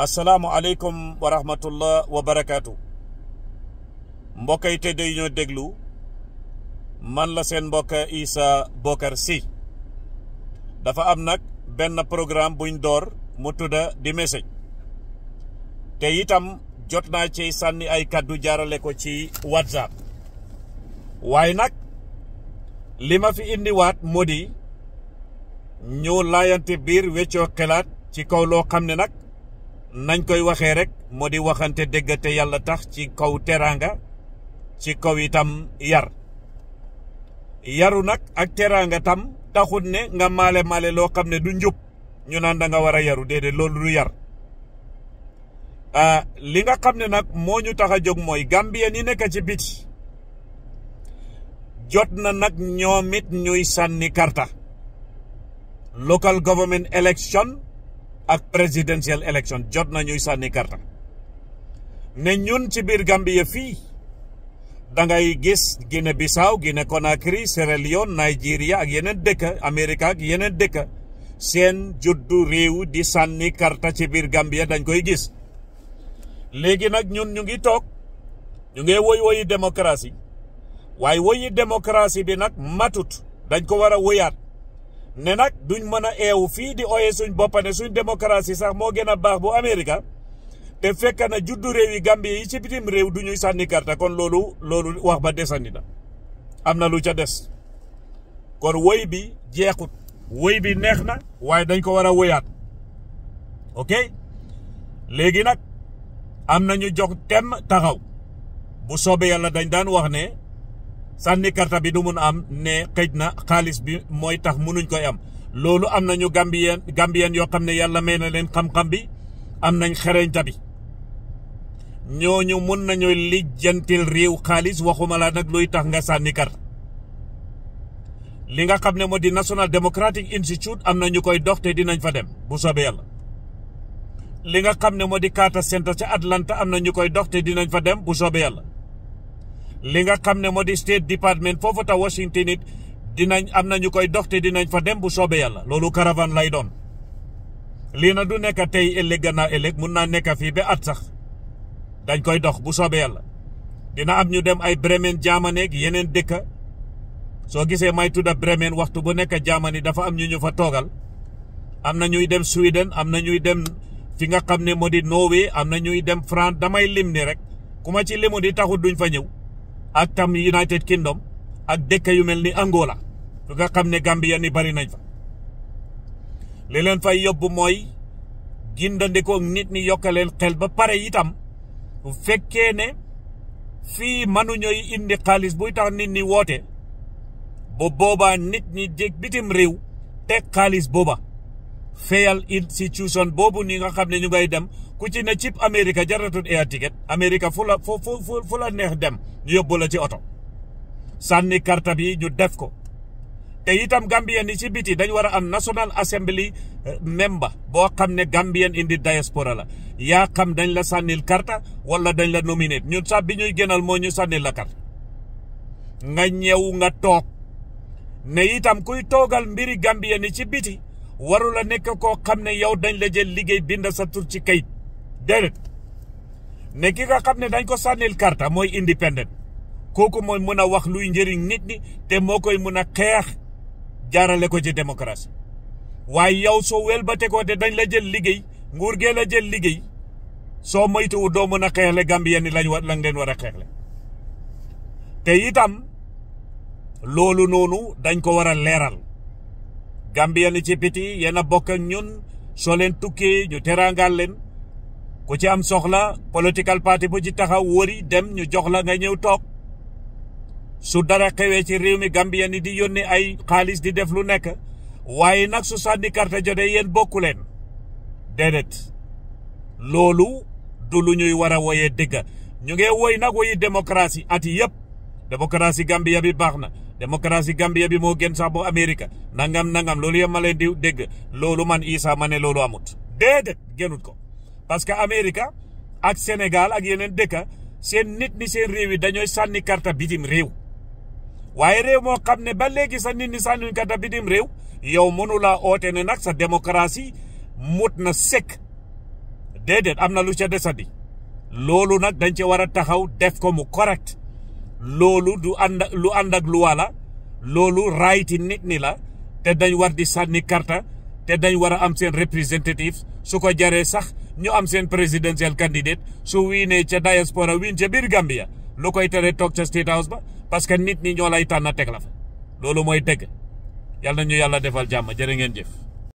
Assalamualaikum warahmatullah wabarakatuh. rahmatullah wa te day ñoo déglu man la seen mbokk isa Bokar si dafa am ben na programme buñ door mu tudda di message te itam jot naa ci sànni ay kàddu jaarale ko ci WhatsApp Wainak nak lima fi indi wat modi ñu layan biir bir wecho ci kaw loo xam nañ koy waxé rek modi di waxante déggate tax ci kaw teranga ci kaw itam yar yaru nak ak teranga tam taxut né nga malé malé lo xamné ne du njub ñu nan da nga wara yaru dédé loolu du yar ah, li nga xamné nak nag moo ñu tax a jóg mooy ci bit jot na nak ñomit ñuy sanni karta local government election ak presidential election jot na ñuy sànni karta ne ñun ci biir Gambie fii da ngay gis Guinée Bissau Guinée Conakry Sierra Leone Nigeria ak yeneen dëkk Amérique ak yeneen dëkka seen juddu réew di sànni karta ci biir Gambie dañ koy gis léegi nag ñun ñu ngi toog ñu ngi woy democrasi démocratie waaye woyi démocratie bi nag matut dañ ko war a woyaat ne nag duñ mën a eewu fii di ooyee suñ boppa ne suñ démocratie sax moo gën a baax bu Amérique te fekk na juddu réew yi Gambie yi ci bitim réew duñuy sànni karta kon loolu loolu wax ba desandi na am na lu ca des kon woy bi jeexut woy bi neex na waaye dañ ko war a woyaat ok léegi nag am na ñu jox tem taxaw bu soobee yàlla dañ daan wax ne sànni karta bi du mun am ne xëj na xaalis bi mooy tax munuñ koy am loolu am nañu gambiyeen gambiyeen yoo xam ne yàlla may na leen xam-xam bi am nañ xereñta bi ñooñu mun nañu lijjantil réew xaalis waxuma laa nag luy tax nga sànni karta li nga xam ne moo di National Democratic Institute am na ñu koy dox te dinañ fa dem bu soobee yàlla li nga xam ne moo di Carter Center ca Atlanta am na ñu koy dox te dinañ fa dem bu soobee yàlla li nga xam ne moo di state department foofu ta Washington it dinañ am na ñu koy dox te dinañ fa dem bu soobee yàlla loolu caravane lay doon. lii na du nekk tey ëllëg gannaaw ëllëg mun naa nekk fii ba at sax dañ koy dox bu soobee yàlla dina am ñu dem ay Bremen Germany ak yeneen dëkk soo gisee may tudda Bremen waxtu bu nekk Germany dafa am ñu ñu fa toogal am na ñuy dem Sweden am na ñuy dem fi nga xam ne moo di Norway am na ñuy dem France damay lim ni rek ku ma ci di taxut duñ fa ñëw. ak tam United Kingdom ak dëkk yu mel ni Angola lu nga xam ne Gambien yi bari nañ fa li leen fay yóbbu mooy gindandikoo nit ñi yokkaleen xel ba pare itam bu fekkee ne fii mënuñooy indi xaalis buy tax nit ni woote bo boobaa nit ñi jég bitim réew teg xaalis booba fayal institution boobu ni nga xam ne ñu ngay dem ku ci ne cib Amérique jaratul air ticket Amérique fu la fu la neex dem ñu yóbbu la ci oto sànni karta bi ñu def ko te itam Gambien yi ci biti dañ war a am National Assembly eh, member boo xam ne Gambien indi diaspora la yaa xam dañ la sànnil karta wala dañ la nominate ñu sax bi ñuy gënal moo ñu sànnil la karta nga ñëw nga toog ne itam kuy toogal mbiri Gambien yi ci biti warula nekk koo xam ne yow dañ la jël liggéey bind sa tur ci kayit déedéet ne ki nga xam ne dañ ko sànnil karta mooy indépendant kooku mooy mën a wax luy njëriñ nit ñi te moo koy mën a xeex jaarale ko ci démocratie waaye yow soo welbate ko te dañ la jël liggéey nguur gee la jël liggéey soo moytuwul doo mën a xeexle Gambien ni lañ war lañ leen war a xeexle te itam loolu noonu dañ ko war a leeral Gambia ci piti yena bok ak ñun so len tukki ñu terangal len ku ci am soxla political party bu ci taxaw wori dem ñu jox la nga ñew tok su dara xewé ci réew mi di yónni ay xaalis di def lu nekk waye nak su sandi carte jotee yeen bokku len dedet lolu du lu ñuy wara woyé ñu ngey woy nak démocratie at yépp démocratie gambia bi baxna démocratie Gambia bi moo gën sax bu Amérique nangam nangam loolu yëpp ma leen di dégg loolu man Issa ma ne loolu amut déedéet gënut ko parce que Amérique ak Sénégal ak yeneen dëkka seen nit ni seen réew yi dañooy sànni karta bitim réew waaye réew moo xam ne ba léegi sa nit ni sànni karta bitim réew yow mënulaa oote ne nag sa démocratie mut na sekk déedéet am na lu ca desandi loolu nag dañ ci war a taxaw def ko mu correct loolu du ànd lu ànd ak luwa la loolu rayti nit ñi la te dañ war di sànni karta te dañ war a am seen représentative su ko jaree sax ñu am seen présidentiel candidate su wiinee ca diaspora wiin ca biir Gambia lu koy tere toog ca state house ba parce que nit ñi ñoo lay tànn teg la fa loolu mooy dëgg yàlla na ñu yàlla defal jàmm jërë ngeen jëf.